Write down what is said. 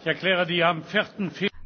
Ich erkläre die am 4. Februar